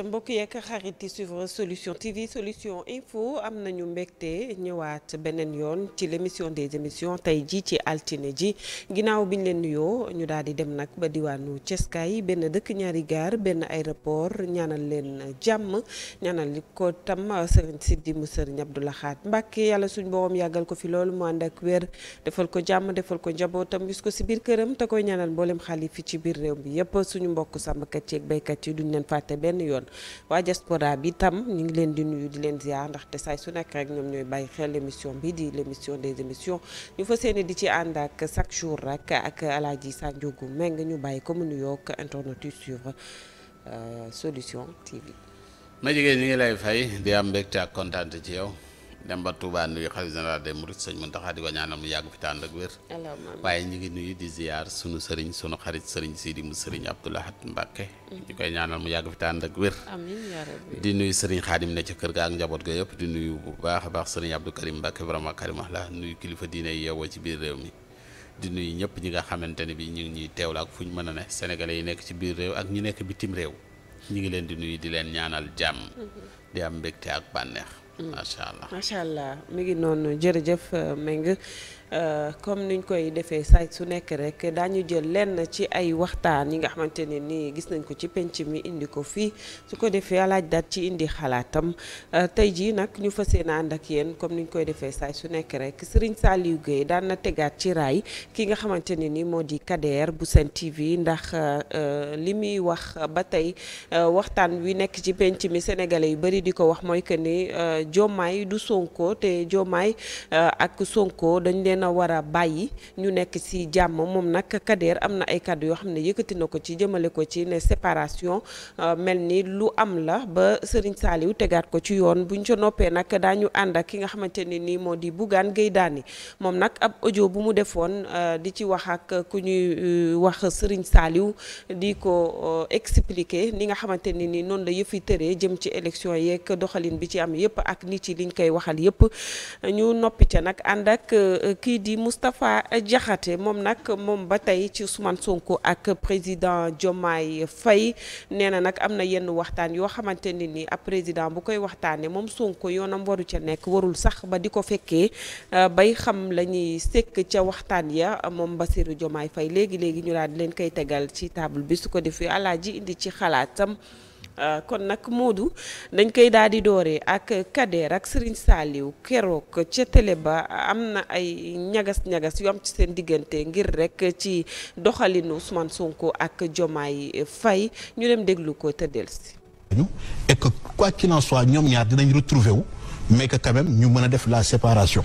mbokk yee xarit yi suivre solution TV solution info am nañu mbégte ñëwaat beneen yoon ci l' émission des émissions tey ji ci altine ji ginnaaw bi ñu leen nuyoo ñu daal di dem nag ba diwaanu Ceskaay benn dëkk ñaari gaar benn aéroport ñaanal leen jàmm ñaanal ko tam sëriñ Sidi mu sëriñ Abdou Lahad Mbàkke yàlla suñu borom yàggal ko fi loolu mu ànd ak wér defal ko jàmm defal ko njabootam gis ko si biir këram te koy ñaanal mboolem xalif fi ci biir réew mi yëpp suñu mbokk sàmmkat yeeg béykat yi duñ leen fàtte benn yoon. yoon waa diaspora bi tam ñu ngi leen di nuyu di leen ziar ndaxte saay su nekk rek ñoom ñooy bàyyi xel émission bi di l' émission des émissions ñu fas yéene di ci ànd ak chaque jour rek ak alaaji Sa may nga ñu bàyyi ko mu nuyoo ak internet yu suivre euh, Solution TV. ma jigéen ñi ngi lay fay di am mbégte ak kontaan ci yow. dem ba Touba nuyu xalifa général des mourides sëñ Mountakha di ko ñaanal mu yàgg fi tànd wér waaye ñu ngi nuyu di ziar sunu sëriñ sunu xarit sëriñ Sidi mu sëriñ Abdoul Ahad Mbacké ñu mm-hmm. koy ñaanal mu yàgg fi tànd ak wér di nuyu sëriñ Xaadim ne ca kër gaa ak njaboot ga yëpp di nuyu bu baax a baax sëriñ Abdou Karim Mbacké vraiment Karim la nuyu kilifa diine yi yeewoo ci biir réew mi di nuyu ñëpp ñi nga xamante ne bi ñu ngi ñuy la ak fu ñu mën a ne sénégalais yi nekk ci biir réew ak ñi nekk bitim réew ñu ngi leen di nuyu di leen ñaanal jàmm mm-hmm. di am mbégte ak bànneex macha allah macha allah mi ngi noonu jërëjëf Mbengue Euh, comme niñ koy defee saa su nekk rek daañu jël lenn ci ay waxtaan yi nga xamante ne nii gis nañ ko ci penc mi indi ko fii su ko defee alaaj daat ci indi xalaatam euh, tey jii nag ñu fas na ànd ak yéen comme niñ koy defee saa su nekk rek Serigne Saliou Gueye daan na tegaat ci raay ki nga xamante ne ni moo di Kader bu Sen TV ndax euh, li muy wax ba tey waxtaan wi nekk ci penc mi sénégalais yu bëri di ko wax mooy que ni Diomaye du Sonko te Diomaye ak Sonko dañ leen a war a bàyyi ñu nekk ci jàmm moom nag Kader am na ay kàddu yoo xam ne yëkkati na ko ci jëmale ko ci ne séparation euh, mel ni lu am la ba Serigne Saliou tegaat ko ci yoon buñ ca noppee nag daañu ànd ak ki nga xamante ne nii moo di Bougane Gueye Dany moom nag ab audio bu mu defoon euh, di ci wax ak ku ñuy euh, wax Serigne Saliou di ko expliquer ni nga xamante ne nii noonu la yëfi tëree jëm ci élection yeeg doxalin bi ci am yëpp ak nit yi liñ koy waxal yëpp ñu noppi ca nag ànd ak ki kii di Moustapha Diakhaté moom nag moom ba tey ci Ousmane Sonko ak président Diomaye Faye nee na nag am na yenn waxtaan yoo xamante ne ni ab président bu koy waxtaanee moom Sonko yoonam waru ca nekk warul sax ba di ko fekkee euh, bay xam la ñuy sekk ca waxtaan ya moom Bassirou Diomaye Faye léegi léegi ñu daal di leen koy tegal ci table bi su ko defee ji indi ci xalaatam. Euh, kon nag Modou dañ koy daal di dooree ak Kader ak Serigne Saliou keroog ca télé ba am na ay ñagas-ñagas yu am ci seen diggante ngir rek ci doxalinu Ousmane Sonko ak Diomaye fay ñu dem déglu ko te dellusi. et que quoi qu'il en ñoom ñaar dinañ retrouver wu mais que quand ñu mën a def la séparation.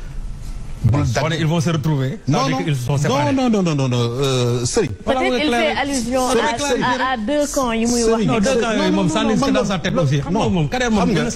bul ils vont se retrouver. non non non non non non moom ça que dans sa tête aussi. non moom carrément moom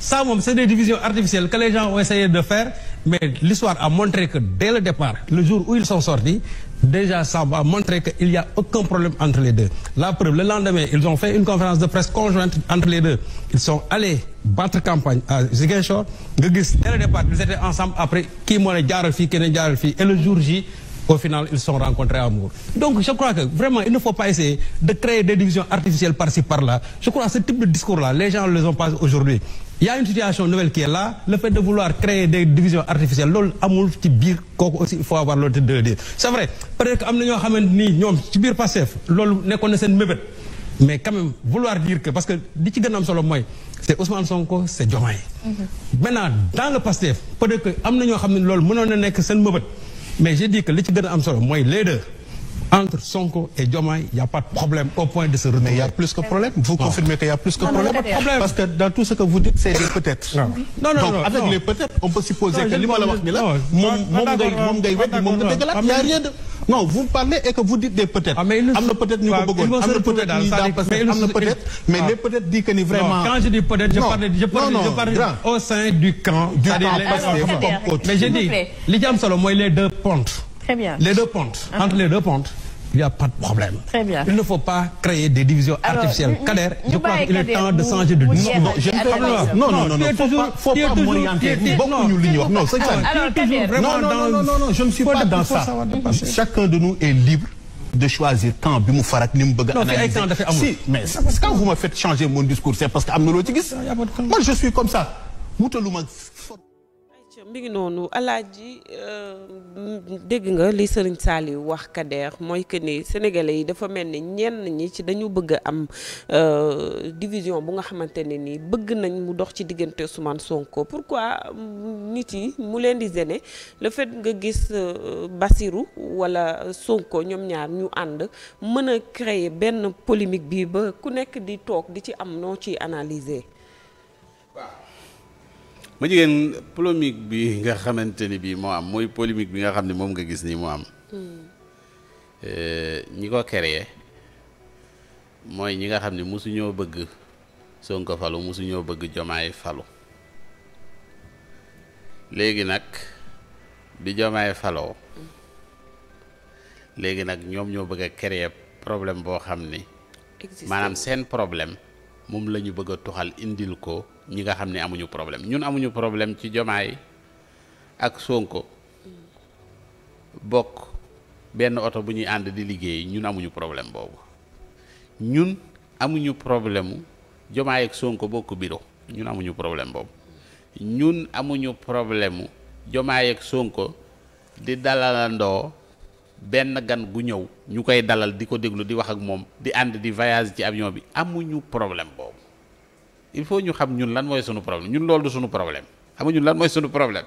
ça c'est des divisions artificielles que les gens ont essayé de faire. Mais l'histoire a montré que dès le départ, le jour où ils sont sortis, déjà ça va montrer qu'il n'y a aucun problème entre les deux. La preuve, le lendemain, ils ont fait une conférence de presse conjointe entre les deux. Ils sont allés battre campagne à Ziguinchor. Dès le départ, ils étaient ensemble. Après, qui m'a dit, et le jour J, au final ils sont rencontrés à Mbour donc je crois que vraiment il ne faut pas de créer des divisions artificielles par-ci par-là je crois que ce type de discours-là les gens les ont pas aujourd'hui il y a une situation nouvelle qui est là le fait de vouloir créer des divisions artificielles loolu amul ci biir kooku aussi il faut avoir l'honnêteté de dire c'est vrai peut-être que am na ñoo xamante nii ñoom ci biir Pastef loolu nekkoon na seen mébét mais quand même vouloir que li ci gën a am solo mooy c'est Ousmane Sonko mhm. am na ñoo xam ne loolu mënoon na nekk seen mébét mais j'ai dit que li ci gën a am solo mooy les entre Sonko et Diomaye il y a pas de problème au point de se retourner. mais il y a plus que problème vous non. confirmez qu'il y a plus que non, problème. problème parce que dans tout ce que vous dites c'est des peut-être. non non non donc avec les peut-être on peut supposer que li ma la wax ni la. moom moom ngay moom ngay wéddi moom nga dégg la ah, il y a rien de. non vous parlez et que vous dites des peut-être. Ah, am na peut-être ñu ko bëggoon am na peut-être ñuy daan parce que am na peut-être mais les peut-être dit que ni vraiment. quand je dis peut-être je parle je parle au sein du camp. du camp mais je dis li ci am solo mooy les deux pontes. très bien les deux pontes. Ah. entre les deux pontes. il a ne faut pas créer des divisions artificielles. Kader, je est temps de changer de discours. Non, non, non, non, non, Non, je ne suis pas dans mm-hmm. Chacun de nous est libre de choisir quand bi mu farak que quand faites changer mon discours c'est parce que ah, je suis comme ça mi ngi noonu alaaji euh, dégg nga li Serigne Saliou wax Kader mooy que ni sénégalais yi dafa mel ni ñenn ñi ci dañu bëgg am euh, division bu nga xamante ne nii bëgg nañ mu dox ci diggante Ousmane Sonko pourquoi nit yi mu leen di gêner le fait nga gis euh, Bassirou wala Sonko ñoom ñaar ñu ànd mën a créer benn polémique bi ba ku nekk di toog di ci am noo ciy analyser. ma jigéen polémique bi nga xamante ni bii moo am mooy polémique bi nga xam ne moom nga gis nii moo am. Hmm. Eh, ñi ko créé mooy ñi nga xam ne mosuñoo bëgg Sonko falu mosuñoo bëgg Jomaay falu léegi nag bi Jomaay faloo léegi nag ñoom ñoo bëgg a créer problème boo xam ni. maanaam seen problème. moom la ñu bëgg a tuxal indil ko ñi nga xam ne amuñu problème ñun amuñu problème ci Jomaay ak Sonko bokk benn oto bu ñuy ànd di liggéey ñun amuñu problème boobu ñun amuñu problème Jomaay ak Sonko bokk bureau ñun amuñu problème boobu ñun amuñu problème Jomaay ak Sonko di dalalandoo benn gan gu ñëw ñu koy dalal di ko déglu di wax ak moom di ànd di voyage ci avion bi amuñu problème boobu il faut ñu xam ñun lan mooy sunu problème ñun loolu du problème xam ñun lan mooy sunu problème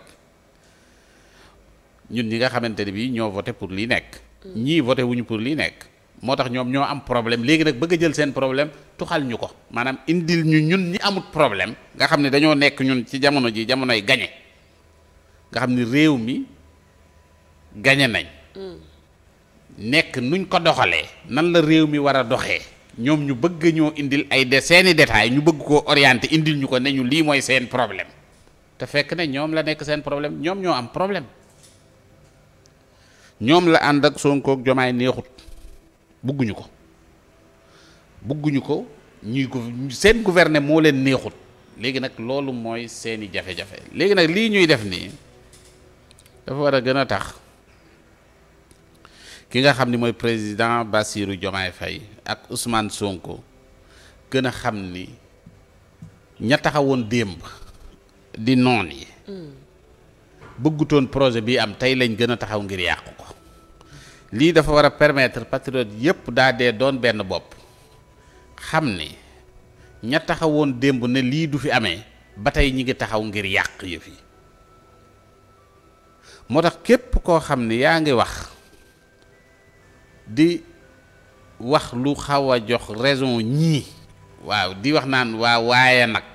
ñun ñi nga xamante ne bii ñoo voté pour lii nekk. Mm. ñii voté wuñu pour lii nekk. moo tax ñoom ñoo am problème léegi nag bëgg a jël seen problème tuxal ñu ko maanaam indil ñu ñun ñi amut problème nga xam ne dañoo nekk ñun ci jamono ji jamonoy gañe nga xam ne réew mi gañe nañ. Mm. nekk nuñ ko doxalee nan la réew mi war a doxee ñoom ñu bëgg ñoo indil ay de seeni détails ñu bëgg koo orienté indil ñu ko ne ñu lii mooy seen problème te fekk ne ñoom la nekk seen problème ñoom ñoo am problème ñoom la ànd ak sonkook Jomaay neexut bëgguñu ko bëgguñu ko ñuy seen gouverner moo leen neexut léegi nag loolu mooy seeni jafe-jafe léegi nag lii ñuy def nii dafa war a gën a tax ki nga xam ni mooy président Bassirou Diomaye Faye ak Ousmane Sonko gën a xam ni ña taxawoon démb di noon yi bëggutoon projet bii am tey lañ gën a taxaw ngir yàqu ko lii dafa war a permettre patriote yépp daa dee doon benn bopp xam ni ña taxawoon démb ne lii du fi amee ba tey ñi ngi taxaw ngir yàq yëf yi moo tax képp koo xam ni yaa ngi wax di wax lu xaw a jox raison ñii waaw di wax naan waaw waaye nag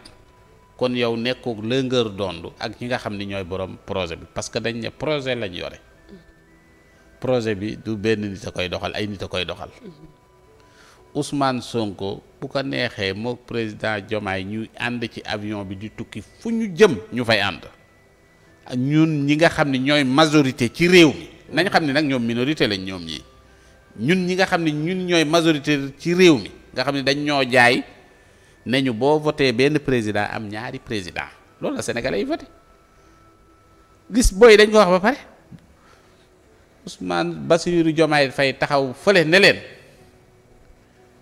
kon yow nekkoo lëngër dond ak ñi nga xam ni ñooy borom projet bi parce que dañ ne projet lañ yore projet bi du benn nit a koy doxal ay nit a koy doxal Ousmane Sonko bu ko neexee moo président Diomaye ñuy ànd ci avion bi di tukki fu ñu jëm ñu fay ànd ñun ñi nga xam ne ñooy majorité ci réew mi nañ xam ne nag ñoom minorité lañ ñoom ñii ñun ñi nga xam ne ñun ñooy majorité ci réew mi nga xam ne dañ ñoo jaay ne ñu boo voté benn président am ñaari président loolu la sénégalais yi gis booy dañ ko wax ba pare Ousmane Bassirou Diomaye Faye taxaw fële ne leen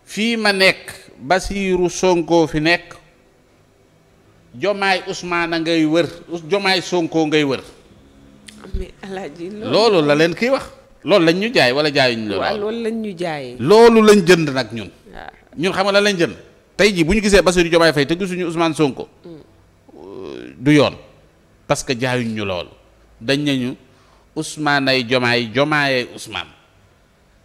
fii ma nekk Bassirou sonkoo fi nekk Diomaye Ousmane a ngay wër Diomaye sonkoo ngay wër. loolu la leen kiy wax. loolu lañ ñu jaay wala jaayuñu la. waaw loolu lañ ñu jaayee. loolu lañ jënd nag ñun. Ah. ñun xam nga lañ jënd. tey jii bu ñu gisee Bassirou Diomaye Faye te gisuñu Ousmane Sonko. Mm. du yoon parce que jaayuñ ñu loolu dañ nañu Ousmane ay Diomaye Diomaye ay Ousmane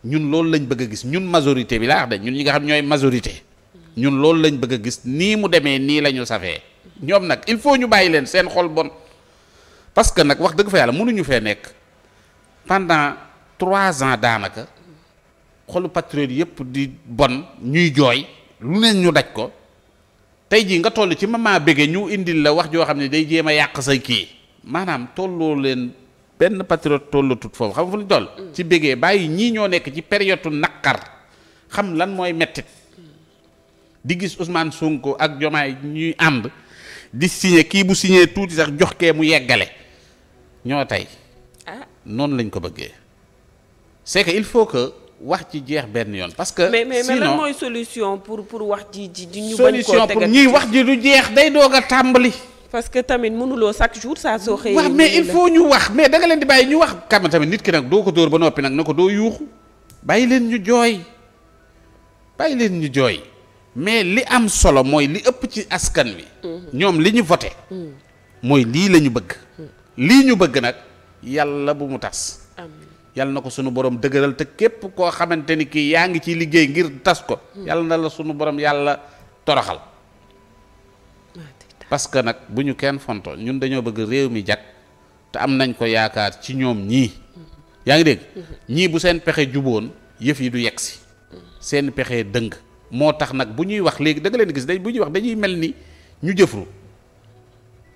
ñun loolu lañ bëgg a gis ñun majorité bi laa wax de ñun ñi nga xam ñooy majorité. Mm. ñun loolu lañ bëgg a gis nii mu demee nii la ñu safee. ñoom nag il faut ñu bàyyi leen seen xol bon parce que nag wax dëgg fa yàlla mënuñu fee nekk trois ans daanaka xolu patriote yëpp di bon ñuy jooy lu ne ñu daj ko tey jii nga toll ci mama bége ñu indil la wax joo xam ne day jéem a yàq say kii maanaam tolloo leen benn patriote tollatut foofu xam nga fu ñu toll mm. ci béggee bàyyi ñii ñoo nekk ci période naqar xam lan mooy mettit di gis Ousmane Sonko ak Jomaay ñuy àmb di signé kii bu signé tuuti sax jox kee mu yeggale ñoo tey ah. noonu lañ ko bëggee c'est que il faut que wax ci jeex benn yoon parce que. mais mais mais mooy solution pour pour wax ji ji ñu. bañ koo solution pour ñuy wax ji du jeex day doog tàmbali. parce que tamit mënuloo chaque jour saa soo xëyee. waaw mais il faut ñu wax mais danga leen di bàyyi ñu wax. kam tamit nit ki nag doo ko dóor ba noppi nag na ko doo yuuxu bàyyi leen ñu jooy bàyyi leen ñu jooy mais li am solo mooy li ëpp ci askan wi. Mhm. ñoom li ñu voté. Mhm. mooy lii la ñu bëgg. lii ñu bëgg nag yàlla bu mu tas. yàlla na ko sunu borom dëgëral te képp koo xamante ni kii yaa ngi ciy liggéey ngir tas ko yàlla na la sunu borom yàlla toroxal parce que nag bu ñu kenn fonto ñun dañoo bëgg réew mi jag te am nañ ko yaakaar ci ñoom ñii yaa ngi dégg ñii bu seen pexe juboon yëf yi du yegg si seen pexe dëng moo tax nag bu ñuy wax léegi da nga leen gis dañ bu ñuy wax dañuy mel ni ñu jëfru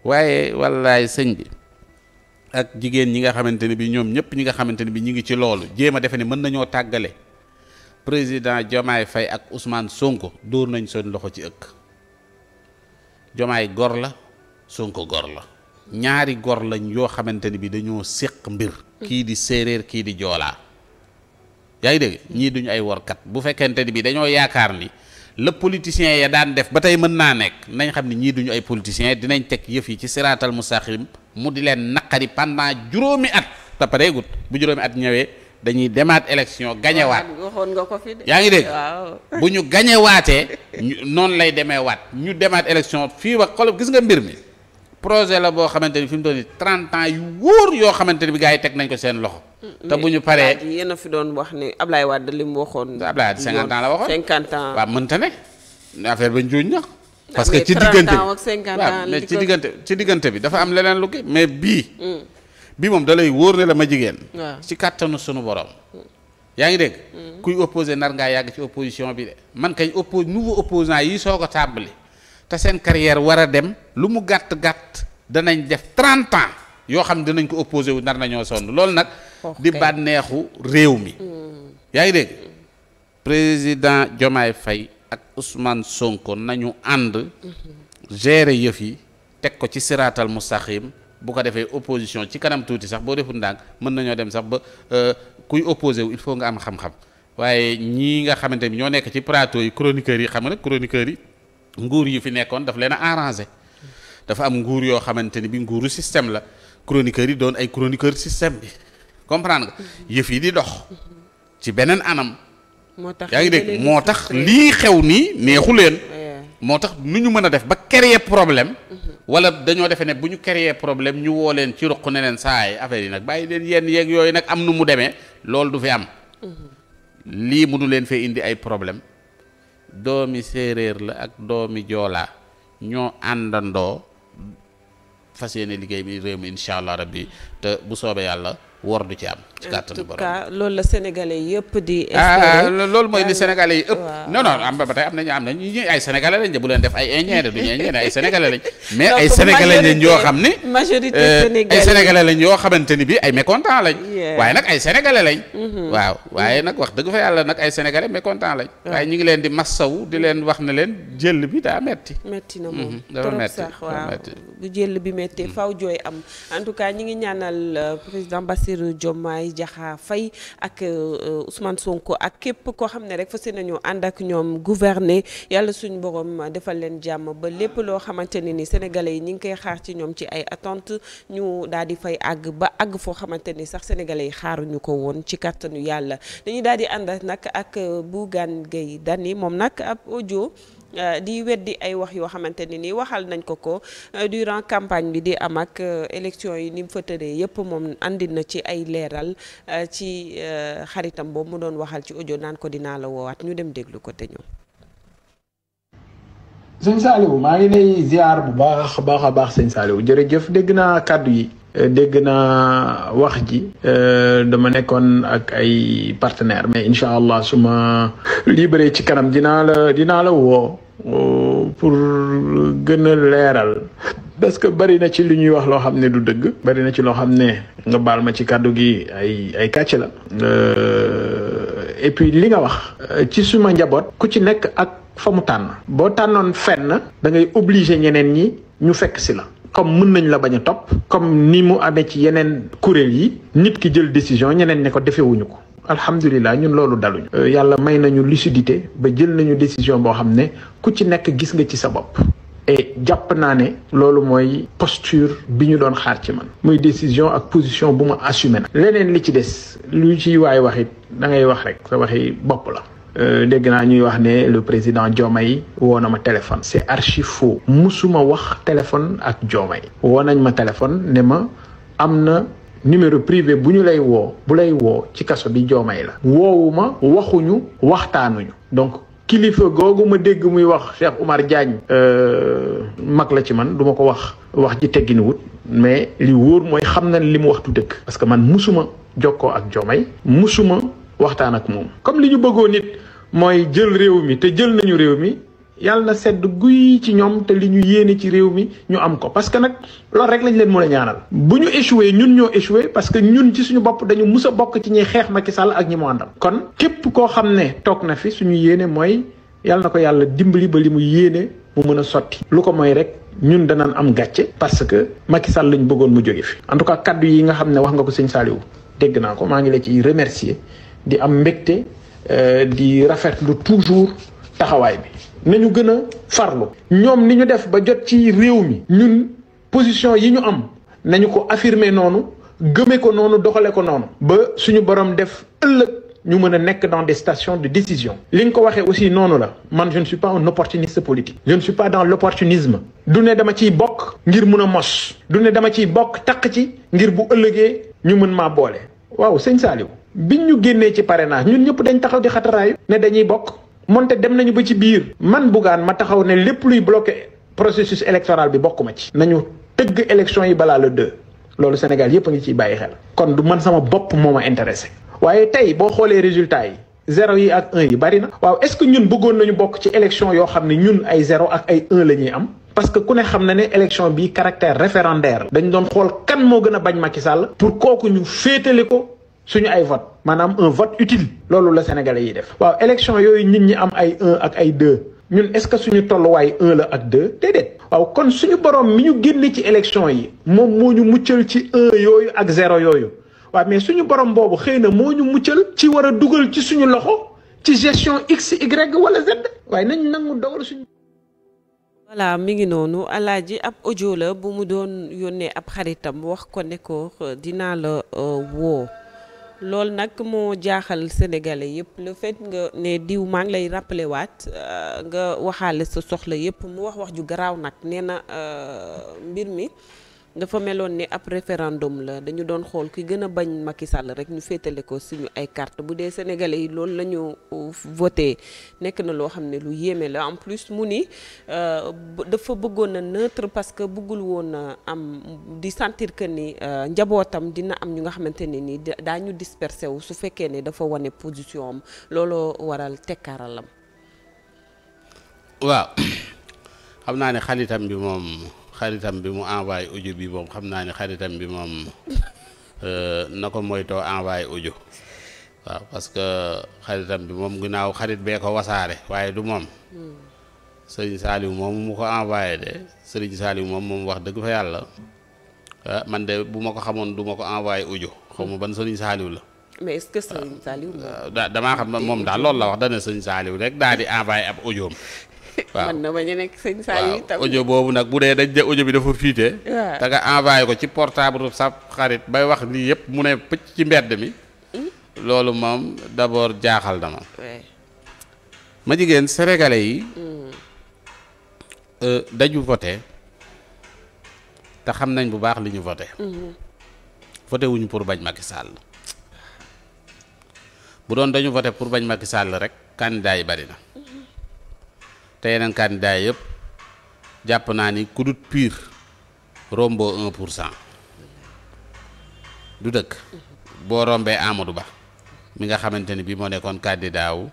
waaye wallaay sëñ bi ak jigéen ñi nga xamante ne bi ñoom ñëpp ñi nga xamante ne bi ñu ngi ci loolu jéema a defe ne mën nañoo tàggale président Diomaye Faye ak Ousmane Sonko dóor nañ seen loxo ci ëkk Diomaye gor la Sonko gor la ñaari gor lañ yoo xamante ne bi dañoo séq mbir kii di séeréer kii di joolaa yaa ngi ñii duñu ay workat bu fekkente ni bi dañoo yaakaar ni la politicien ya daan def ba tey mën naa nekk nañ xam ne ñii duñu ay politiciens dinañ teg yëf yi ci siraatal mustaqim mu di leen naqari pendant juróomi at te pareegut bu juróomi at ñëwee dañuy demaat élection gañewaat nga ko yaa ngi dégg bu ñu gañewaatee noonu lay demee ñu demaat élection fii wax xolof gis nga mbir mi projet la boo xamante ni fi mu doon nii trente ans yu wóor yoo xamante ni bi gaa yi teg nañ ko seen loxo. te bu ñu paree yéen a fi doon wax ni Ablaye Wade li mu waxoon. Ablaye Wade cinquante ans la waxoon cinquante ans. waaw mënta ne affaire ba njuuñ na. Ah, parce que ci diggante bi mais ci diggante ci diggante bi dafa am leneen lu kii mais bii. Hmm. bii moom dalay wóor ne la ma jigéen. ci kàttanu sunu borom. yaa ngi dégg. Hmm. kuy opposé nar ngaa yàgg ci opposition bi de man kay oppo nouveau opposant yi soo ko tàmbali. te seen carrière war a dem lu mu gàtt gàtt danañ def 30 ans yoo xam dinañ ko opposé wu nar nañoo sonn loolu nag. di bànneexu réew mi. Hmm. yaa ngi dégg président Diomaye Faye ak Ousmane Sonko nañu ànd. Hmm. gérer yëf yi teg ko ci siraatal mustaqim bu ko defee opposition ci kanam tuuti sax boo deful ndànk mën nañoo dem sax ba euh, kuy opposé wu il faut nga am xam-xam waaye ñii nga xamante ni ñoo nekk ci prato yi chroniqueurs yi xam nga nag chroniqueurs yi. nguur yi fi nekkoon daf leen a arrangé dafa am nguur yoo xamante ni bi nguuru système la chroniqueurs yi doon ay chroniqueur système bi comprendre nga mm-hmm. yëf yi di dox ci beneen anam yaa ngi dégg moo tax lii xew nii neexu leen moo tax nu ñu mën a def ba créer problème mm-hmm. wala dañoo defee ne bu ñu créer problème ñu woo leen ci ruq ne leen saay affaire yi nag bàyyi leen yenn yeeg yooyu nag am nu mu demee loolu du fi am mm-hmm. lii mënu leen fee indi ay problème doomi séeréer la ak doomi joola ñoo àndandoo fas yéene liggéey bi réew mi incha allah rabbi te bu soobee yàlla wor du ci am ci kàttanu borom en tout cas loolu la sénégalais yëpp di. Ah, ah, espérer loolu mooy li ah, sénégalais yi ëpp. non am ba tey am nañu am nañu ñuy ay sénégalais lañ de bu leen def ay indien de du ñu indien ay sénégalais lañ. mais ay sénégalais lañ euh, yoo xam ni. bi ay mécontent lañ. waaye nag ay sénégalais lañ. Mm-hmm. waaw waaye mm-hmm. nag wax dëgg fa yàlla nag ay sénégalais mécontent lañ. waaye ñu ngi leen di massawu di leen wax ne leen jël bi daa metti. metti na mm-hmm. moom trop sax waaw bu jël bi metti faaw jooy am en tout cas ñi ngi ñaanal euh, président Bassirou May Diakha Faye ak euh, Ousmane Sonko ak képp koo xam ne rek fas yéene nañoo ànd ak ñoom gouverner yàlla suñu borom defal leen jàmm ba lépp loo xamante ne ni sénégalais yi ñu ngi koy xaar ci ñoom ci ay attente ñu daal di fay àgg ba àgg foo xamante ni sax sénégalais yi xaaruñu ko woon ci kàttanu yàlla dañuy daal di ànd nag ak Bougane Gueye Dany moom nag ab audio. Euh, di di ay wax yoo xamante ne nii waxal nañ ko ko euh, durant campagne bi di am ak euh, élection yi ni mu fa tëree yëpp moom andi na ci ay leeral ci xaritam boobu mu doon waxal ci ojo naan ko dinaa la woowaat ñu dem déglu ko te ñoom. sëñ Saliou maa ngi lay ziar bu baax a baax a baax sëñ Saliou jërëjëf dégg naa kàddu yi. dégg naa wax ji euh, dama nekkoon ak ay partenaire mais incha allah suma ma ci kanam dinaa la dinaa la woo euh, pour gën leeral parce que bari na ci li ñuy wax loo xam ne du dëgg bari na ci loo xam ne nga baal ma ci kàddu gi ay ay kàcc la euh, et puis li nga wax ci suma njaboot ku ci nekk ak fa mu tànn boo tànnoon fenn da ngay obligé ñeneen ñi ñu fekk si la comme mën nañ la bañ a topp comme ni mu amee ci yeneen kuréel yi nit ki jël décision ñeneen ne ko defewuñu ko alhamdulilah ñun loolu daluñu. Euh, yàlla may nañu lucidité ba jël nañu décision boo xam ne ku ci nekk gis nga ci sa bopp. jàpp naa ne loolu mooy posture bi ñu doon xaar ci man muy décision ak position bu ma assumé na leneen li ci des lu ciy waaye wax it da ngay wax rek sa waxi bopp la. Euh, dégg naa ñuy wax ne le président Diomaye woo na ma téléphone c'est archi faux musuma wax téléphone ak Diomaye woo nañ ma téléphone ne ma am na numéro privé bu ñu lay woo bu lay woo ci kaso bi Diomaye la woowu ma waxuñu waxtaanuñu donc kilifa googu ma dégg muy wax Cheikh Oumar Diagne euh, mag la ci man duma ko wax wax ji teggin wut mais li wóor mooy xam na li mu wax du dëkk parce que man musuma jokkoo ak Diomaye musuma waxtaan ak moom comme li ñu bëggoon nit mooy jël réew mi te jël nañu réew mi yàlla na sedd guy ci ñoom te li ñu yéene ci réew mi ñu am ko parce que nag lool rek lañ leen mën a ñaanal bu ñu échoué ñun ñoo échoué parce que ñun ci suñu bopp dañu mus a bokk ci ñuy xeex Macky Sall ak ñi mu àndam kon képp koo xam ne toog na fi suñu yéene mooy yàlla na ko yàlla dimbali ba li mu yéene mu mën a sotti lu ko moy rek ñun danañ am gàcce parce que Macky Sall lañ bëggoon mu jóge fi en tout cas kaddu yi nga xam ne wax nga ko sëñ Saliou dégg naa ko maa ngi la ciy remercier di am mbégte euh, di rafetlu toujours taxawaay bi nañu gën a farlu ñoom ni ñu def ba jot ci réew mi ñun position yi ñu am nañu ko affirmer noonu gëme ko noonu doxale ko noonu ba suñu borom def ëllëg ñu mën a nekk dans des stations de décision li nga ko waxee aussi noonu la man je ne suis pas un opportuniste politique je ne suis pas dans l'opportunisme du ne dama ciy bokk ngir mun a mos du ne dama ciy bokk takk ci ngir bu ëllëgee ñu mën maa boole waaw sëñ Saliou biñ ñu génnee ci pare parrainage ñun ñëpp dañ taxaw di xataraayu ne dañuy bokk moonte dem nañu ba ci biir man Bougane ma taxaw ne lépp luy bloqué processus électoral bi bokk ma ci nañu tëgg élection yi balaa le 2 loolu Sénégal yëpp a ngi ciy bàyyi xel kon du man sama bopp moom ma intéressé waaye tey boo xoolee résultat yi zéro yi ak un yi bari na waaw est-ce que ñun bëggoon nañu bokk ci élection yoo xam ne ñun ay zéro ak ay un la ñuy am parce que ku ne xam na ne élection bi caractère référendaire dañ doon xool kan moo gën a bañ Macky Sall pour kooku ñu féetale ko suñu ay vote maanaam un vote utile loolu la sénégalais yi def waaw élection yooyu nit ñi am ay un ak ay deux ñun est-ce que suñu tolluwaay un la ak deux déedéet waaw kon suñu borom mi ñu génne ci élection yi moom moo ñu muccal ci un yooyu ak zéro yooyu waaw mais suñu borom boobu xëy na moo ñu muccal ci war a dugal ci suñu loxo ci gestion x y wala z waaye nañ nangu dogal suñu. voilà mi ngi noonu alaaji ab audio la bu mu doon yónnee ab xaritam wax ko ne ko dinaa la euh, woo. loolu nag moo jaaxal sénégalais yëpp le fait nga ne diw maa ngi lay rappelé waat euh, nga waxaale sa soxla yëpp mu wax wax ju garaaw nag nee na euh, mbir mi dafa meloon ni ab référendum la dañu doon xool ki gën a bañ Macky Sall rek ñu féetale ko suñu ay carte bu dee sénégalais yi loolu la ñu euh, voté nekk na loo xam ne lu yéeme la en plus mu ni euh, dafa bëggoon na neutre parce que bëggul woon a am di sentir que ni euh, njabootam dina am ñu nga xamante ne ni daañu dispersé wu su fekkee ne dafa wane position am looloo waral tekkaaralam waaw xam naa ne xaritam bi moom. xaritam bi mu envoyé audio bi moom xam naa ne xaritam bi moom euh, na ko moytoo envoyé audio waaw parce que xaritam bi moom ginnaaw xarit bee ko wasaare waaye du moom sëriñ Saliou moom mu envoyé de sëriñ Saliou moom moom wax dëgg fa yàlla ah, man de bu ma ko xamoon du ma ko envoyé audio xaw ma ban sëriñ Saliou la. mais est-ce que sëriñ Saliou. Ah, ah, damaa xam moom daal loolu la wax dana sëriñ Saliou rek daal di envoyé ab audio waaw mën na bañ a nekk boobu nag bu dee dañ de audio bi dafa fuité. waaw da nga envoyé ko ci portable sa xarit bay wax lii yëpp mu ne pëj ci mbedd mi. Hmm? loolu moom d'abord jaaxal na ma. ma jigéen sénégalais yi. Hmm. Euh, dañu voté te xam nañ bu baax li ñu voté. Hmm. voté pour bañ Macky sàll bu doon dañu voté pour bañ Macky sàll rek candidat yi bari na. te yeneen candidat yëpp jàpp naa ni ku piir pur rombo pour cent du dëkk boo rombee Amadou Ba mi nga xamante ni bi moo nekkoon candidat wu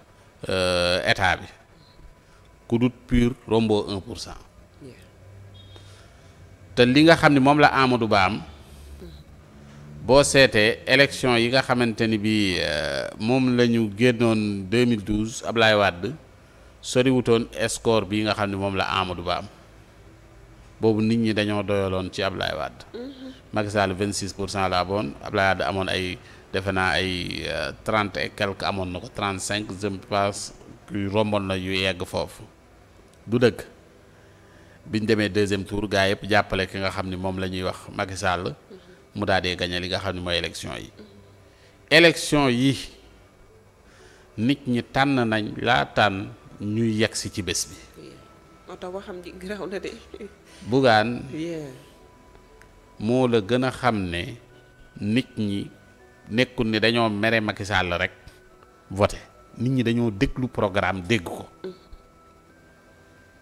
euh, état bi ku dut pur rombo pour cent te li nga xam ni moom la Amadou Ba am boo seetee élection yi nga xamante ni bi euh, moom la ñu génnoon 2012 Ablaye Wade soriwutoon score bi nga xam ne moom la Amadou Ba am boobu nit ñi dañoo doyaloon ci Ablaye Wade. Mm-hmm. Macky vingt 26 pour cent la amoon Ablaye Wade amoon ay defe naa ay 30 euh, et quelque amoon na ko 35 je pense que romboon na yu yegg foofu du dëkk biñ demee deuxième tour gaa yëpp jàppale ki nga xam ni moom la ñuy wax Macky mm-hmm. mu daal di gagné li nga xam ne mooy élection yi. élection yi nit ñi tànn nañ laa tànn. ñuy yegsi ci bés bi. moo tax waxam ji moo la gën a xam ne nit ñi nekkul ni dañoo mere Macky rekk rek voté nit ñi dañoo déglu programme dégg ko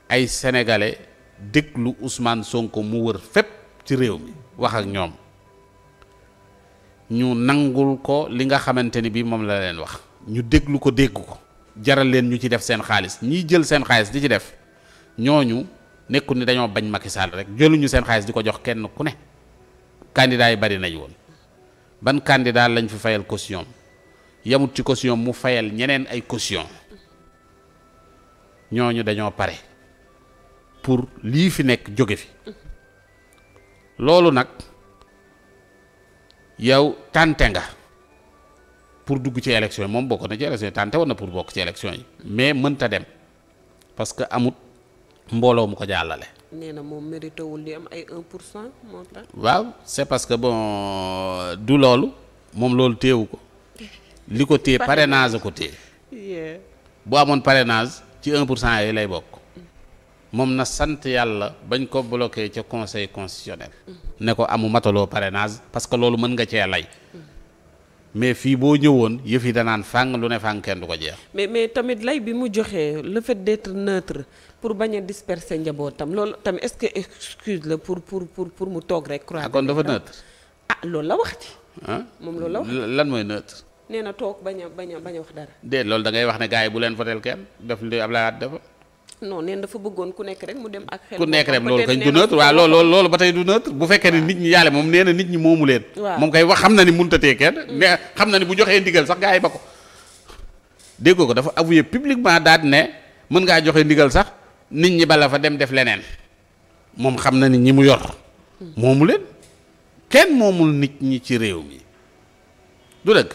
ay senegale déglu usmaan Sonko mu wër fépp ci réew mi wax ak ñoom ñu nangul ko li nga xamante ni bii moom la leen wax ñu déglu ko dégg ko. jaral leen ñu ci def seen xaalis ñiy jël seen xaalis di ci def ñooñu nekkul ni dañoo bañ Macky Sall rek jëluñu seen xaalis di ko jox kenn ku ne candidat yi bari nañ woon ban candidat lañ fi fayal caution yamut ci caution mu fayal ñeneen ay caution ñooñu dañoo pare pour lii fi nekk jóge fi loolu nag yow tànte nga pour dugg ci élection yi moom bokk na ci élection yi tànte woon na pour bokk ci élection yi mais mënta dem parce que amut mbooloo mu ko jàllale. nee na moom mérité wul di am ay pour cent moo tax. waaw c'est parce que bon du loolu moom loolu téewu ko li ko téye parrainage ko téye. boo amoon parrainage ci 1 pour cent yi lay bokk. moom na sant yàlla bañ ko bloqué ca conseil constitutionnel. Mm-hmm. ne ko amu mataloo parrainage parce que loolu mën nga cee lay. mais fii boo ñëwoon yëf yi danaan fàng lu ne fàng kenn du ko jeex. mais mais tamit lay bi mu joxee le fait d'être neutre pour bañ a disperser njabootam loolu tamit est-ce que excuse la pour pour pour pour mu toog rek. croix ah, kon dafa neutre. ah loolu la wax ci. moom lool la wax lan mooy neutre. nee na toog bañ a bañ bañ a wax dara. déet loolu dangay wax ne gars yi bu leen foteel kenn def li Abdoulaye Wade defa non neen dafa bëggoon ku nekk rek mu dem ak xel ku nekk rek loolu kañ du neutre waaw loolu loolu ba tey du neutre bu fekkee ne nit ñi yàlla moom nee nit ñi moomu leen moom kay wax xam na ni muntatee kenn ne xam na ni bu joxee ndigal sax gars yi ba ko déggoo ko dafa avoué publiquement daal ne mën ngaa joxe ndigal sax nit ñi bala fa dem def leneen moom xam na ni ñi mu yor moomu leen kenn moomul nit ñi ci réew mi du dëgg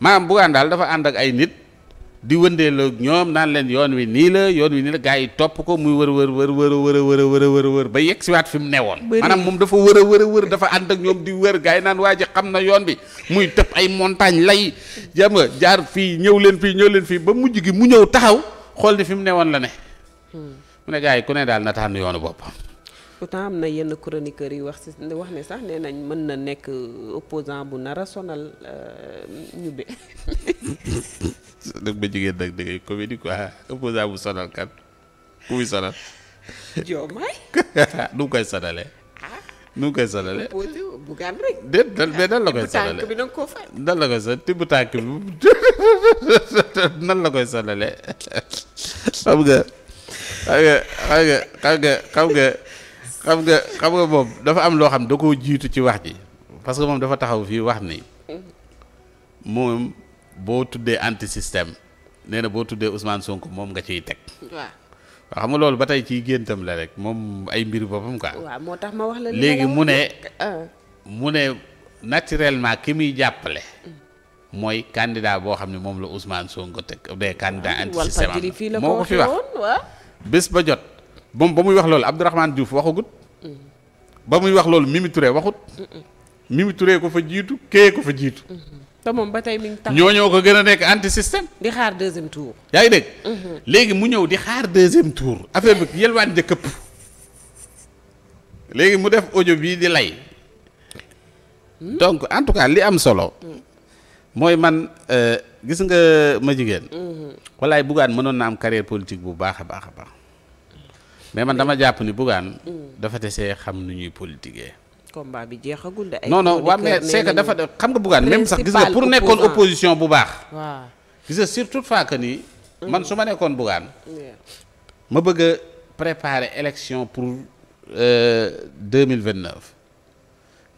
maanaam buggaan daal dafa ànd ak ay nit di wëndeeloo ñoom naan leen yoon wi nii la yoon wi nii la gaa yi topp ko muy wër wër wër wër wër wër wër wër wër ba yegg si waat fi mu newoon maanaam moom dafa wër a wër a wër dafa ànd ak ñoom di wër gars naan waa ji xam na yoon bi muy tëb ay montagne lay jam nga jaar fii ñëw leen fii ñëw leen fii ba mujj gi mu ñëw taxaw xool ni fi mu newoon la ne mu ne gars yi ku ne daal na tànn yoonu boppam pourtant am na yenn chroniqueurs yi wax si wax ne sax nee nañ mën na nekk opposant bu nar a sonal euh, ñu be nag ba jigéen nag da ngay comédie quoi opposant bu sonal kan ku muy sonal. Diomaye. nu mu koy sonalee. Ah. nu mu koy sonalee. bugaan rek. déet dal mais nan la koy sonalee tànk bi na nga koo fay. nan la koy son tibb tànk bi nan la koy sonalee xam nga xam nga xam nga xam nga xam nga xam nga moom dafa am loo xam da koo jiitu ci wax ji parce que moom dafa taxaw fii wax ni moom. boo tuddee anti système nee na boo tuddee Ousmane Sonko moom nga ciy teg. waaw xam nga loolu ba tey ciy géntam la rek moom ay mbir boppam quoi. moo tax ma wax la léegi mu ne ah. mu ne naturellement ki muy jàppale. mooy candidat boo xam ne moom la Ousmane Sonko teg des candidats ah, anti système moo ko fi wax bés ba jot moom ba muy wax loolu Abdourahmane Diouf waxagut mm-hmm. ba muy wax loolu Mimi Touré waxut Mimi ko fa jiitu kee ko fa jiitu mm-hmm. te moom ba tey mi ngi tax ñoo ñoo ko gën a nekk anti système. di xaar deuxième tour. yaa ngi mhm. léegi mu ñëw di xaar deuxième tour affaire bi yelwaan ja këpp léegi mu def ojo bii di lay. Hmm? donc en tout cas li am solo. Hmm. mooy man euh, gis nga ma jigéen. Mhm. walaay buggaan mënoon na am carrière politique bu baax a baax a baax mais man dama jàpp ni Bougane hmm. dafa desee xam nu ñuy politiquer. combat bi jeexagul de. ay non non waa mais c'est dafa xam nga Bougane même sax gis nga pour nekkoon opposition bu baax. waaw gis nga surtout faa que ni. man su ma nekkoon Bougane. ma bëgg a préparer élection pour euh, deux mille vingt neuf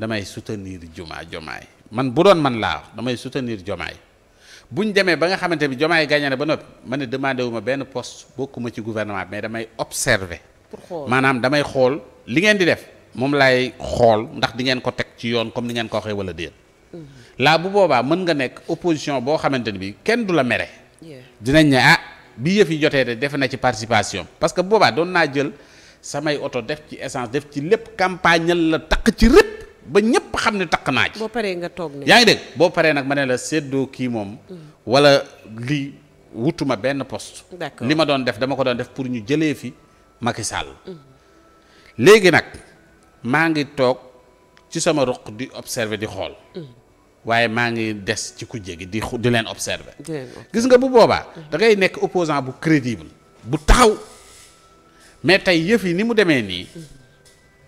damay soutenir Jumaa Jomaay man bu doon man laa damay soutenir Jomaay. bu ñu demee ba nga xamante bi jomaay gagné na ba noppi ma ne demandé wu benn post bokkuma ci gouvernement mais damay observer. pour xool maanaam damay xool li ngeen di def. moom laay xool ndax di ngeen ko teg ci yoon comme ni ngeen ko waxee wala déet laa bu boobaa mën nga nekk opposition boo xamante ni bi kenn du la mere dinañ ne ah bi yëf yi jotee de defe na ci participation parce que boobaa doon naa jël samay oto def ci essence def ci lépp campagne la takk ci répp ba ñëpp xam ne takk naa ci. boo paree nga toog ne yaa ngi dégg boo paree nag ma ne la séddoo kii moom. wala lii wutuma benn poste. li ma doon def dama ko doon def pour ñu jëlee fi Macky Sall. léegi nag. maa ngi toog ci sama roq di observer di xool waaye maa ngi des ci kujje gi di di leen observer gis nga bu boobaa dangay ngay nekk opposant bu crédible bu taxaw mais tey yëf yi ni mu demee nii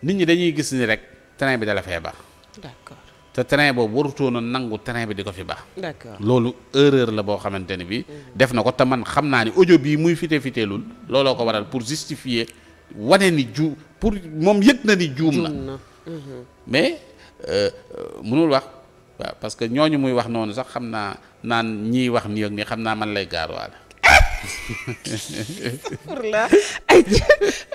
nit ñi dañuy gis ni rek train bi dala fee baax d'accord te train boobu warutoon a nangu train bi di ko fi baax d'accord loolu erreur la boo xamante ne bi mm. def na ko te man xam naa ni ojo bii muy fite fiteelul looloo ko waral pour justifier wane ni ju pour moom yëg na ni juum la mhm. mais euh, mënul wax waaw parce que ñooñu muy wax noonu sax xam naa naan ñiy wax ni ak nii xam naa man lay gaarwaale pour la ay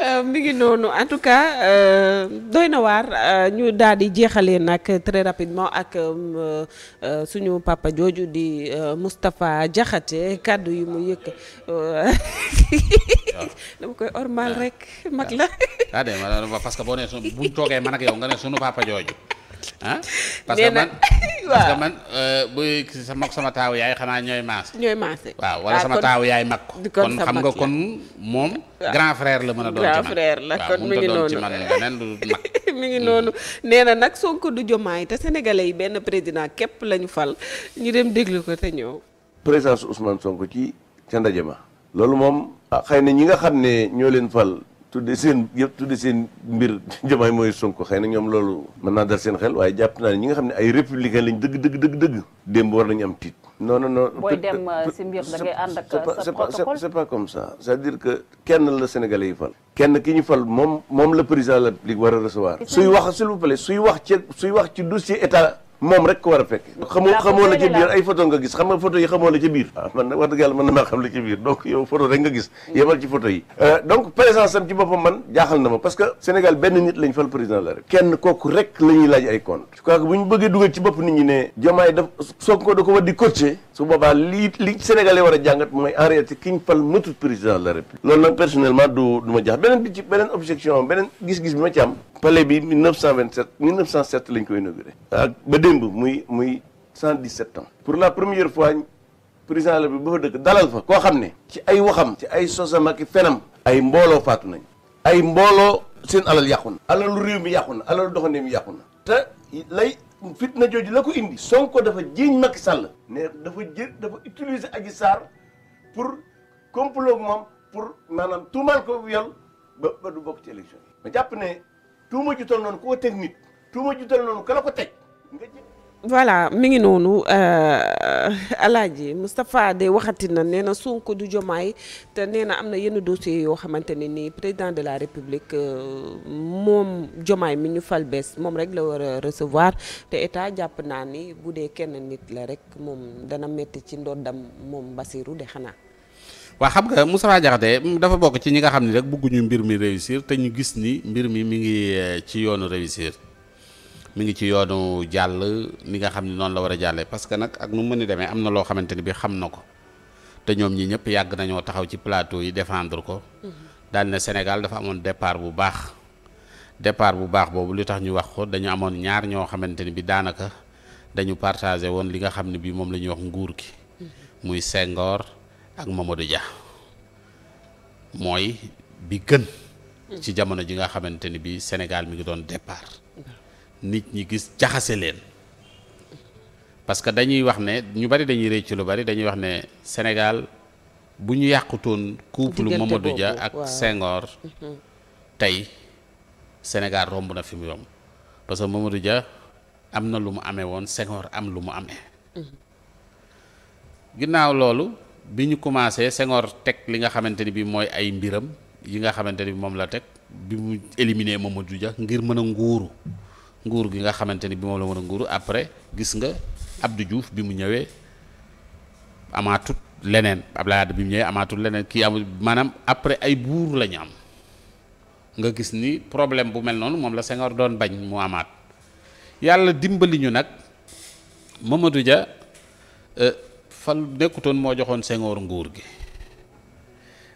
euh, mi ngi noonu en tout cas euh, doy na waar euh, ñu daal di jeexalee nag très rapidement ak suñu papa jooju di Moustapha Diakhaté kàddu yi mu yëkk dama koy ormal rek mag la daa dee ma parce boo ne buñ toogee man ak yow nga ne suñu papa jooju ah parce que waaw parce que man euh, bu sama sama taaw yaay xanaa ñooy maas. ñooy maase waaw wala ah, sama taaw yaay mag kon xam nga kon moom. grand frère la mën a doon ci man grand frère la kon mi ngi noonu mi ngi noonu nee na nag Sonko du Diomaye te sénégalais yi benn président képp lañu fal ñu dem déglu ko te ñëw. présence Ousmane Sonko ci ca ndaje ma. loolu moom. Ah, xëy na ñi nga xam ne ñoo leen fal. tudde seen yëpp tudde seen mbir jamaay mooy Sonko xëy na ñoom loolu mën naa dal seen xel waaye jàpp naa ne ñi nga xam ne ay républicain lañ dëgg dëgg dëgg dëgg démb war nañu am tiit non non c'est pas comme ça c'est-à-dire que kenn la Sénégalais yi fal kenn ki ñu fal moom la président la République war a recevoir suy wax suy wax ci dossier état moom rek ko war a fekk xamoo xamoo la ci ay photo nga gis xam nga photo yi xamoo la ci ah, man na maa xam la ci biir donc yow photo rek nga gis mm. yemal ci photo yi euh, donc présence am ci boppam man jaaxal na ma parce que Sénégal benn nit lañ fal président la rek kenn kooku rek la ñuy laaj ay compte je crois que bu ñu bëggee dugal ci bopp nit ñi ne Diomaye daf Sonko da ko war di coacher su boobaa li li Sénégalais war a jàngat mooy en réalité ki ñu fal matut président de la République loolu nag personnellement du du gis-gis bi ma ci am palais bi 1927 démb muy muy cent dix-sept pour la première fois président la bi ba fa dëkk dalal fa koo xam ne ci ay waxam ci ay sosam ak fenam ay mbooloo faatu nañ ay mbooloo seen alal yàqu na alalu réew mi yàqu na alalu doxandeem yàqu na te lay fitna jooju la ko indi Sonko dafa jiiñ Macky Sall ne dafa jël dafa utiliser Adji Sarr pour complot moom pour maanaam tuumaal ko viol ba ba du bokk ci élection yi ma jàpp ne tuuma ju noonu ko teg nit tuuma ju voilà mi ngi noonu euh, alaaji Moustapha de waxati na nee na Sonko du Diomaye te nee na am na yenn dossier yoo xamante ne nii président de la république euh, moom Diomaye mi ñu fal bees moom rek la war a recevoir te état jàpp naa ni bu dee kenn nit la rek moom dana metti ci ndoddam moom Basirou de xanaa. waa xam nga Moustapha Diakhaté dafa bokk ci ñi nga xam ne rek bëgguñu mbir mi réussir te ñu gis nii mbir mii mi ngi euh, ci yoonu réussir. mi ngi ci yoonu jàll ni nga xam ne noonu la war a jàllee parce que nag ak nu mu mën a demee am na loo xamante ni bi xam na ko te ñoom ñi ñëpp yàgg nañoo taxaw ci plateau yi défendre ko. daal na Sénégal dafa amoon départ bu baax départ bu baax boobu lu tax ñu wax ko dañu amoon ñaar ñoo xamante ni bi daanaka dañu partagé woon li nga xam ne bii moom la ñuy wax nguur gi. muy Senghor ak Mamadou Dia mooy bi gën. ci jamono ji nga xamante ni bi Sénégal mi ngi doon départ. nit ñi gis jaxase leen parce que dañuy wax ne ñu bari dañuy rëcc lu bari dañuy wax ne Sénégal bu ñu yàqutoon couple Mamadou ja ak Senghor mm-hmm. tey Sénégal romb na fi mu yomb parce que Mamadou Dia am na lu mu amee woon Senghor am lu mu amee mm-hmm. ginnaaw loolu bi ñu commencé sengoor teg li nga xamante ni bi mooy ay mbiram yi nga xamante ni bi moom la teg bi mu éliminer Mamadou Dia ngir mën a nguuru nguur gi nga xamante ni bi moom la mën a nguuru après gis nga abdu Diouf bi mu ñëwee amaatut leneen Abdoulaye Wade bi mu ñëwee amaatut leneen kii amul maanaam après ay buur la ñu am nga gis ni problème bu mel noonu moom la Senghor doon bañ mu amaat yàlla dimbali ñu nag Mamadou Dia euh, fal nekkutoon moo joxoon Senghor nguur gi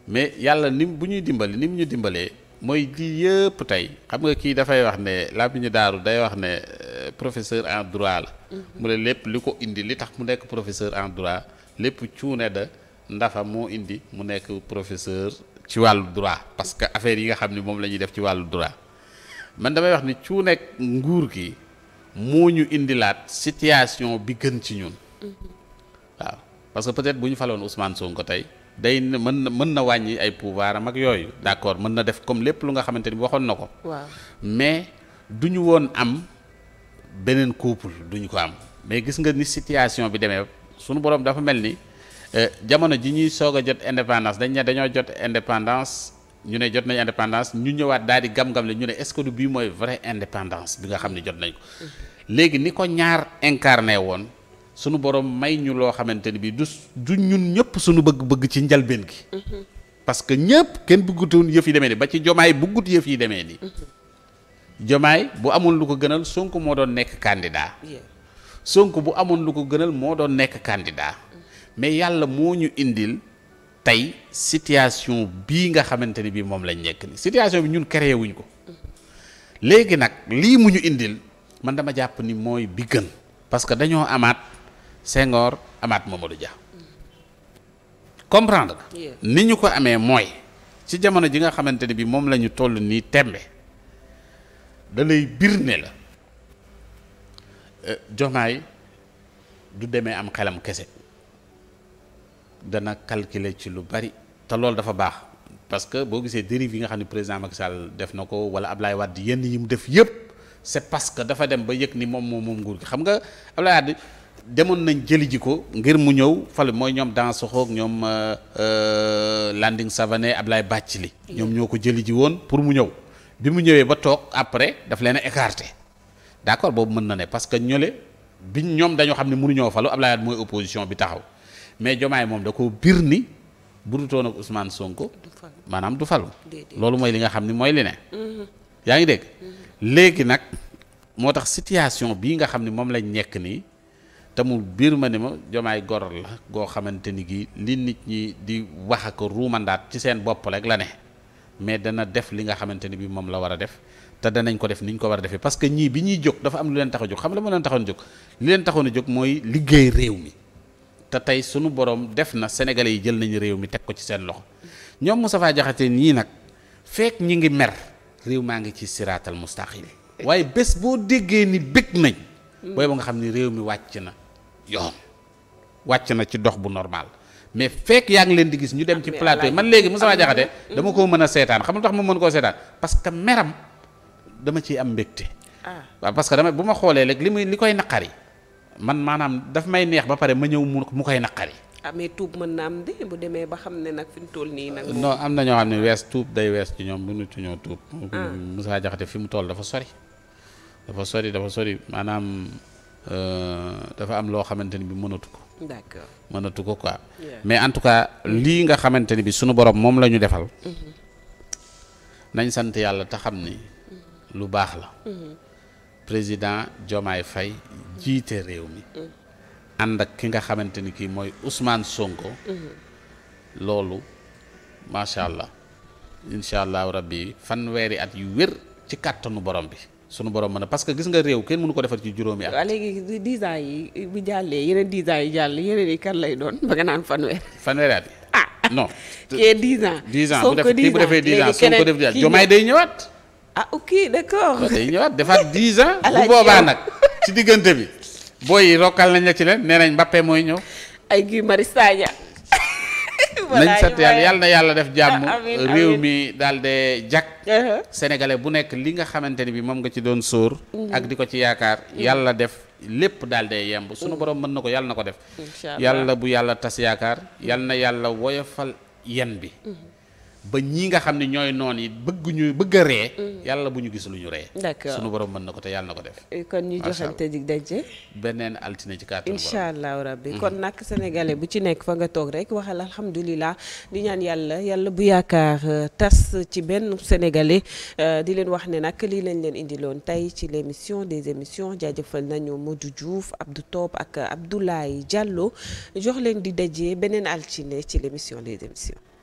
mais yàlla ni bu ñuy dimbali ni mu ñu dimbalee. mooy lii yëpp tey xam nga kii dafay wax ne làmmiñu daaru day wax ne euh, professeur en droit la mm-hmm. mu ne lépp li ko indi li tax mu nekk professeur en droit lépp cuune da ndafa moo indi mu nekk professeur ci wàllu droit parce que affaire yi nga xam ni moom la ñuy def ci wàllu droit man damay wax ni cuune nguur gi moo ñu laat situation bi gën ci ñun mm-hmm. waaw parce que peut-être bu ñu faloon Ousmane ko tey day mën na mën na wàññi ay pouvoir am ak yooyu d'accord mën na def comme lépp lu nga xamante ni waxoon na ko. waaw mais du ñu woon am beneen couple du ñu ko am mais gis nga ni situation bi demee suñu borom dafa mel ni euh, jamono ji ñuy soog a jot indépendance dañ dañoo jot indépendance ñu ne jot nañ indépendance ñu ñëwaat daal di gam-gam le ñu ne est bii mooy vraie indépendance bi nga xam ne jot nañ ko mm-hmm. léegi ni ko ñaar incarné woon. sunu borom may ñu loo xamante ni bii du du ñun ñëpp sunu bëgg-bëgg ci njalbeen gi. Mhm. parce que ñëpp kenn bëggutoon yëf yi demee nii ba ci jomaay bëggut yëf yi demee nii. Mhm. jomaay bu amoon lu ko gënal Sonko moo doon nekk candidat. Sonko bu amoon lu ko gënal moo doon nekk candidat. Mhm. mais yàlla moo ñu indil. tey situation bii nga xamante ni bii moom lañ nekk ni situation bi ñun créé wuñ ko léegi nag lii mu ñu indil man dama jàpp ni mooy bi gën parce dañoo amaat Senghor amaat Mamadou Dia comprendre nga ni ñu ko amee mooy ci jamono ji nga xamante ne bi moom lañu ñu toll nii tembe da lay bir ne la jox eh, jomaay du demee am xelam kese dana calculer ci lu bari te loolu dafa baax parce que boo gisee dérive yi nga xam ne président Macky Sall def na ko wala Ablaye Wade yenn yi mu def yëpp c'est parce que dafa dem ba yëg ni moom moom moom nguur gi xam nga Ablaye Wade demoon nañ jëli ji ko ngir mu ñëw fale mooy ñoom Dansokho ak ñoom euh, euh, Landing Savané Ablaye li ñoom ñoo ko jëli ji woon pour mu ñëw bi mu ñëwee ba toog après daf leen a écarté d'accord boobu mën na ne parce que ñole biñ ñoom dañoo xam ne mënuñoo falu Ablaye Wade mooy opposition bi taxaw mais Diomaye moom da ko bir ni budutoon ak Ousmane Sonko maanaam du falu loolu mooy li nga xam ne mooy li ne mm-hmm. yaa ngi dégg mm-hmm. léegi nag moo tax situation bii nga xam ne moom lañ nekk nii te mu biir ma ni ma jomaay gor la goo xamante ni gi li nit ñi di wax ak ruumandaat ci seen bopp rek la ne mais dana def li nga xamante ni bi moom la war a def te danañ ko def ni ñu ko war a defee parce que ñii bi ñuy jóg dafa am lu leen tax a jóg xam la ma leen taxoon jóg li leen taxoon jóg mooy liggéey réew mi te tey sunu borom def na sénégalais yi jël nañu réew mi teg ko ci seen loxo ñoom Moustapha Diakhaté nii nag fekk ñi ngi mer réew maa ngi ci siraatal mustaqim waaye bés boo déggee ni bëgg nañ booy ba nga xam ni réew mi wàcc na yoon wàcc na ci dox bu normal mais fekk yaa ngi leen di gis ñu dem ci plateau yi man léegi Moustapha Diakhaté dama koo mën a seetaan xam lu tax ma mën koo seetaan parce que meram dama ciy am mbégte ah. waaw que dama bu ma xoolee rek li muy li koy naqari man maanaam daf may neex ba pare ma ñëw mu mu koy naqari ah, mais tuub mën na am demee ba xam ne nag fi nii am na ñoo xam ne wees tuub day wees ci ñoom lu ci ñoo tuub ah. Moustapha Diakhaté fi mu tool dafa sori dafa sori dafa sori maanaam Euh, dafa am loo xamante ni bi mënatu ko. d'accord mënatu ko quoi. mais en tout cas lii nga xamante ni bi sunu borom moom la ñu defal. Mm-hmm. nañ sant yàlla te xam ni lu baax la. Mm-hmm. président Diomaye fay jiite réew mi. Mm-hmm. ànd ak ki nga xamante ni kii mooy Ousmane Sonko. loolu macha allah incha allahu rabbi fanweeri at yu wér ci kàttanu borom bi. sunu borom mën a parce que gis nga réew kenn mënu ko defar ci juróomi at. waaw léegi dix ans yi bu jàllee yeneen dix ans yi jàll yeneen yi kan lay doon ba nga naan fanweer. fanweeri at ah non. kii dix ans. dix ans bu def kii bu defee dix ans soo ko def jomaay day ñëwaat. ah ok d'accord day ñëwaat defaat dix ans. boobaa nag ci diggante bi. booy yi rokkal nañ la ci leen nee nañ mooy ñëw. ay Guy Marius Sagna nañ sant yàlla yàlla na yàlla def jàmm ah, réew mi daal de jag uh-huh. sénégalais bu nekk li nga xamante ni bi moom nga ci doon sóor mm-hmm. ak di ko ci yaakaar mm-hmm. yàlla def lépp daal day yemb sunu mm-hmm. borom mën na ko yàlla na ko def yàlla bu yàlla tas yaakaar yàlla na yàlla woyofal yen bi ba ñii nga xam ne ñooy noon yi bëgg ñu bëgg a ree mm. yàlla bu ñu gis lu ñu ree d'accord sunu borom mën na ko te yàlla na ko def kon ñu joxante dig daje beneen altine ci kàttan incha allahu rabbi mm-hmm. kon nag sénégalais bu ci nekk fa nga toog rek waxal alhamdulilah di ñaan yàlla yàlla bu yaakaar euh, tas ci benn sénégalais euh, di leen wax ne nag lii lañ leen indiloon tey ci l'émission des émissions jaajëfal nañu Modou Diouf Abdou Top ak Abdoulaye Diallo jox leen di daje beneen altine ci l'émission des émissions